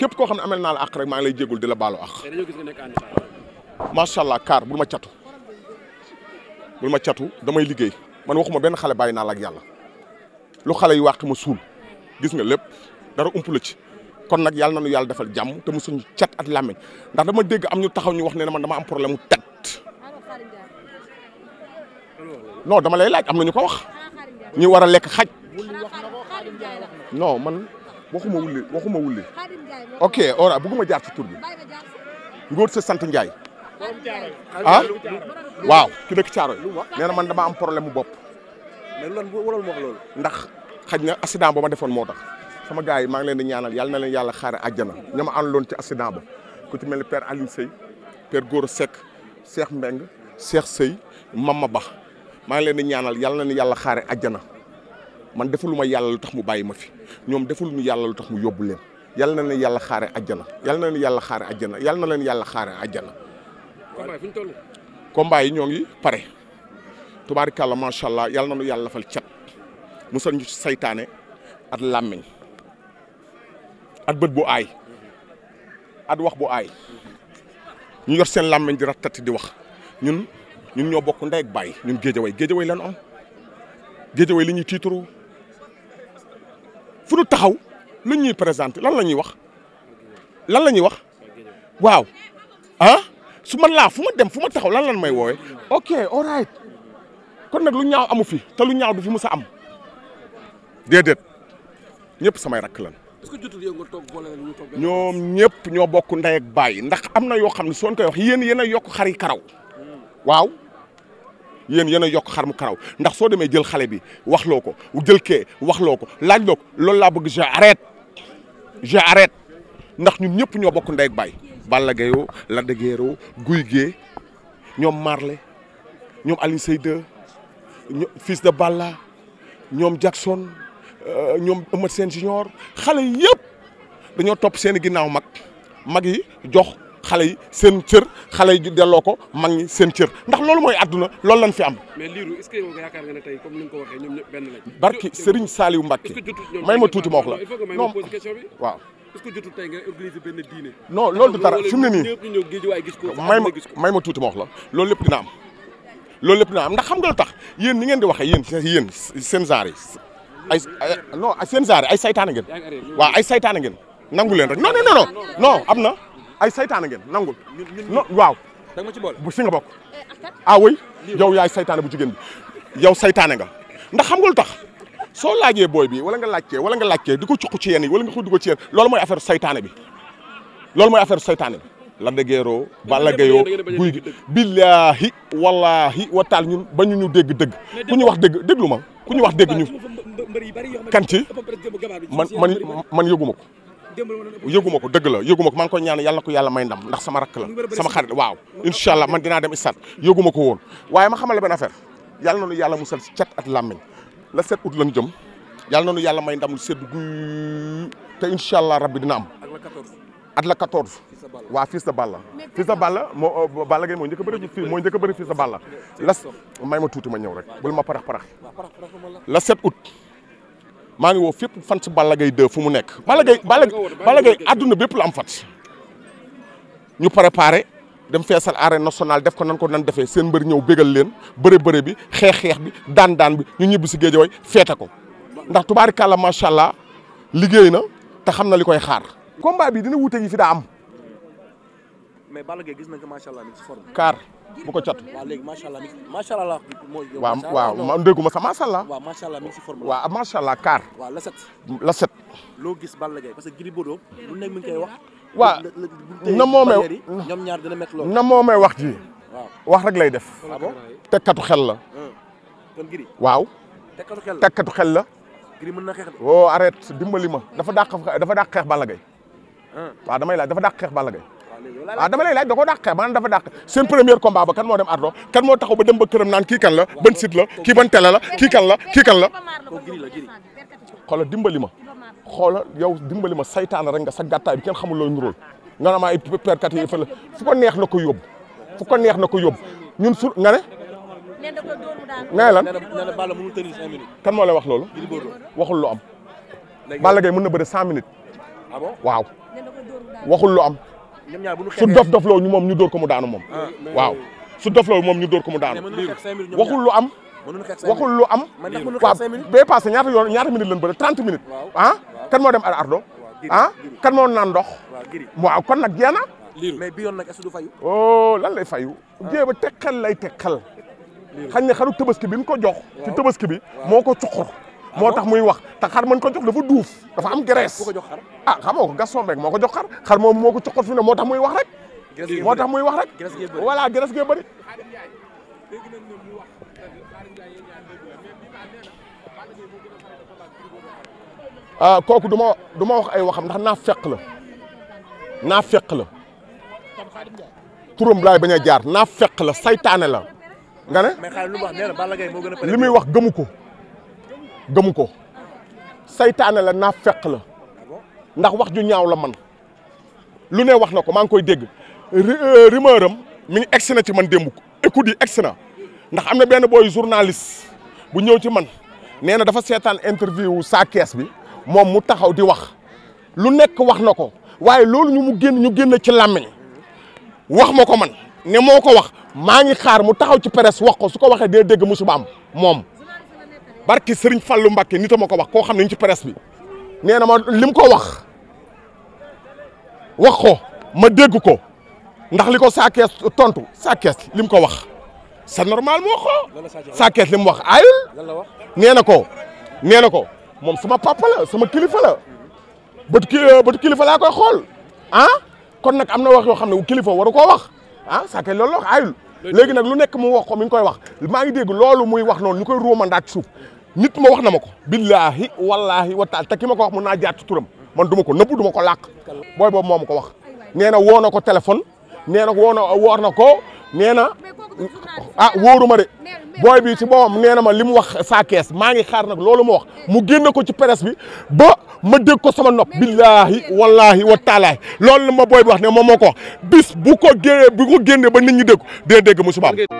képp koo xam ne amel naa la àq rek maa ngi lay jégul di la baalu àq macha allah kaar bul ma catu bul ma catu damay liggéey man waxuma benn xale bàyyi naa la ak yàlla lu xale yi wàq ma suul gis nga lépp dara ump la ci kon nag yàlla na nu yàlla defal jàmm te mosuñu cat at làmmeñ ndax dama dégg am ñu taxaw ñu wax ne man dama am problème mu tat dama lay laaj am na ñu ko wax ñu war a lekk xaj non man. waxuma wulli waxuma wulli ok ora bëgguma jaar ci tur bi ngóor sa sant Ndiaye ah waaw ki dëkk caaro yi na man dama am problème mu bopp ndax xaj na accident ba ma defoon moo tax sama gars yi maa ngi leen di ñaanal yàlla na leen yàlla xaare àjjana ña ma loon ci accident ba ku ci mel ni père Alioune Seye père Gora Seck Cheikh Mbeng Cheikh Seye Mama Ba maa ngi leen di ñaanal yàlla na leen yàlla xaare àjjana man defuluma yàlla lu tax mu bàyyi ma fi ñoom defuluñu yàlla lu tax mu yóbbu leen yàlla na leen yàlla xaare àjjana yàlla na leen yàlla xaare àjjana yàlla na leen yàlla xaare àjjana. combat yi fu ñu toll. yi ñoo ngi pare tubaarikàlla macha allah yàlla na nu yàlla defal cat musal ñu ci saytaane at làmmiñ at bët bu aay at wax bu aay ñu yor seen làmmeñ di rattati di wax ñun ñun ñoo bokk ndey ak baay ñun géejaway géejaway lan am géejaway li ñuy fu nu taxaw lu ñuy présenté lan la ñuy wax lan la ñuy wax waaw ah su man laa fu ma dem fu ma taxaw lan lan may woowee ok all kon nag lu ñaaw amu fi te lu ñaaw du fi mës a am déedéet ñëpp samay rakk lan est-ce que jotul yow ñu toog ñoom ñëpp ñoo bokk ndey ak baay ndax am na yoo xam ne soon koy wax yéen yéen a yokk xari karaw waaw yéen yéen yokk xar mu karaw ndax soo demee jël xale bi wax loo ko jël kee wax loo ko laaj loo ko loolu laa bëgg j'arrête j'arrête ndax ñun ñëpp ñoo bokk ndey baay Balla Gaye oo Lac guy Guiers oo Gouye Gui ñoom Marley ñoom Alioune Seye 2 fils de Balla ñoom Jackson euh, ñoom Eumeu Sène junior xale yëpp dañoo topp seen ginnaaw mag mag yi jox xale yi seen cër xale yi delloo ko mag ñi seen cër ndax loolu mooy adduna loolu lañ fi am. mais Lirou est-ce que comme ni nga ko waxee ñoom ñëpp benn lañ. barki Serigne Saliou Mbacké may ma tuuti ma wax la non waaw. est-ce du dara fi mu may ma may ma tuuti ma wax la loolu lépp dina am. loolu lépp dina am ndax xam nga lu tax yéen ni ngeen di waxee yéen yéen seen genre yi ay non seen genre yi ay saytaane ngeen. waaw ay saytaane ngeen nangu leen rek non non non non am na. ay saytaane ngeen nangul. non waaw. da ma ci boole bu si nga bokk. Eh, ah oui yow yaay saytaane bu jigéen bi yow saytaane nga ndax xam nga lu tax soo laajee booy bi wala nga laajtee wala nga laajtee di ko cuq ci yéen yi wala nga xudd ko ci yéen loolu mooy affaire saytaane bi loolu mooy affaire saytaane bi. la dëggeeroo Balla Gaye guy gi billaahi wallaahi wa taal ñun ba ñu ñu dégg dëgg ku ñu wax dëgg déglu ma ku ñu wax dégg ñu kan ci man man man yóbbu ma ko yëguma ko dëgg la yëguma ko maa ngi koy ñaan yàlla na ko yàlla may ndam ndax sama rakk la sama xarit waaw incha allah man dinaa dem istat yëguma ko woon waaye ma xamal la benn affaire yàlla nanu yàlla musal si cat ak làmmiñ la sept août lañ jëm yàlla nanu yàlla may ndam lu sedd guy te incha allah rabbi dina am at la 14 waaw fils de Balla fils de Balla moo Balla Gaye moo njëkk a bëri fii moo njëkk a bëri fils de Balla la may ma tuuti ma ñëw rek bul ma parax parax la 7 août maa ngi woo fépp fan si Balla Gaye 2 fu mu nekk. Balla Gaye Balla Gaye àdduna bépp la am fan ñu préparé dem feesal arène nationale def ko nan ko nan defee seen mbër ñëw bégal leen bëre bëre bi xeex xeex bi daan daan bi ñu ñibbi si géejaway feete ko ndax tubaari tubaarikàlla macha allah liggéey na te xam na li koy xaar. combat bi dina wuute yi fi daa am. mais Balla Gaye gis nañ ko macha allah mi ci forme. kaar bu ko catu. waaw léegi macha waaw waaw man dégguma sax macha allah. waaw macha allah mi ci forme la. kaar. la set. la loo gis Balla Gaye parce que Gris Bordeaux lu nekk mi ngi koy wax. waaw na moomee ñoom ñaar dina métti na moomee wax ji. wax rek lay def. Ah tekkatu xel la. kon Gris. waaw. tekkatu xel la tekkatu xel la. Gris oh, dimbali ma dafa dàq dafa dàq xeex Balla Gaye. waaw damay laaj dafa dàq xeex Balla Gaye ah dama lay laaj da ko dàqee maanaam dafa dàq seen premier combat ba kan moo dem ardo kan moo taxaw ba dem ba këram naan kii kan la ban site la kii ban télé la la kii kan la xoola dimbali ma xoola yow dimbali ma saytaane rek nga sa gàttaay bi kenn xamul looy nuróol nga na ma ay perkat yi fa fu ko neex na ko yóbbu fu ko neex na ko yóbbu ñun su nga ne ngay lan kan moo lay wax loolu waxul lu am Balla Gaye mën na bëre cent minutes waaw waxul loo am su dof dofloo ñu moom ñu dóor ko mu daanu moom ah, waaw su dofloo moom ñu dóor ko mu daanu waxul lu am waxul lu am waaw bee passé ñaata yoon ñaata minutes lañ bëri trente minutes ah kan moo dem ar ardo ah kan moo naan ndox waaw kon nag jeex na mais bi yoon nag est-ce du oh, lay fayu jéeba ah. tekkal lay tekkal xañ ne xaru tabaski bi mu ko jox ci tabaski bi moo ko cuqur moo tax muy wax te xar man ko jox dafa duuf dafa am a ah xamoo ko Gaston Mbengue moo ko jox xar xar moo moo ko coxat fi ne moo tax muy wax rek moo tax muy wax rek voilà graisse gee bëri ah kooku du ma du ma wax ay waxam ndax naa fekk la naaf fekk la turam laay bañ a jaar naa fekk la saytaane la nga ne li muy wax gëmu gëmu ko seytaane la naa feq la ndax wax ñu ñaaw la man lu ne wax na ko maa ngi koy dégg euh, rumeur am mi ngi egsi na ci man démb écoute yi egsi na ndax am na benn booy journaliste bu ñëw ci man nee na dafa seetaan interview wu saa kees bi moom mu taxaw di wax lu nekk wax na ko waaye loolu ñu mu génn ñu génn ci làmmiñ wax ma ko man ne moo ko wax maa ngi xaar mu taxaw ci peres wax ko su ko waxee dee dégg musuba am moom barki Serigne Fallou Mbacké nit a ma ko wax koo xam ne ñu ci presse bi nee na ma li mu ko wax wax ko ma dégg ko ndax li ko saa kees tontu saa kees lim ko wax c'est normal mu wax ko saa kees li mu wax aayul nee na ko nee na ko moom sama papa la sama kilifa la bët ki euh, bët kilifa laa koy xool ah kon nag am na wax yoo xam ne kilifa waru koo wax ah saa kees loolu la wax aayul nag lu nekk mu wax ko mi ngi koy wax maa ngi dégg loolu muy wax noonu ñu koy ruumandaat suuf nit ma wax na ma ko billaahi wallaahi wa taal te ki ma ko wax mun naa jaar ci turam man du ma ko nëbb du ma ko làq booy boobu moom ko wax nee na woo na ko téléphone nee na woo na woor na ko nee na ah wóoruma de booy bi ci boppam nee na ma li mu wax saa kees maa ngi xaar nag loolu ma wax mu génn ko ci presse bi ba ma dégg ko sama nopp billaahi wallaahi wa taalaay loolu ma booy bi wax ne moom ma ko wax bis bu ko génnee bu ko génnee ba nit ñi dégg dina dégg mu subaam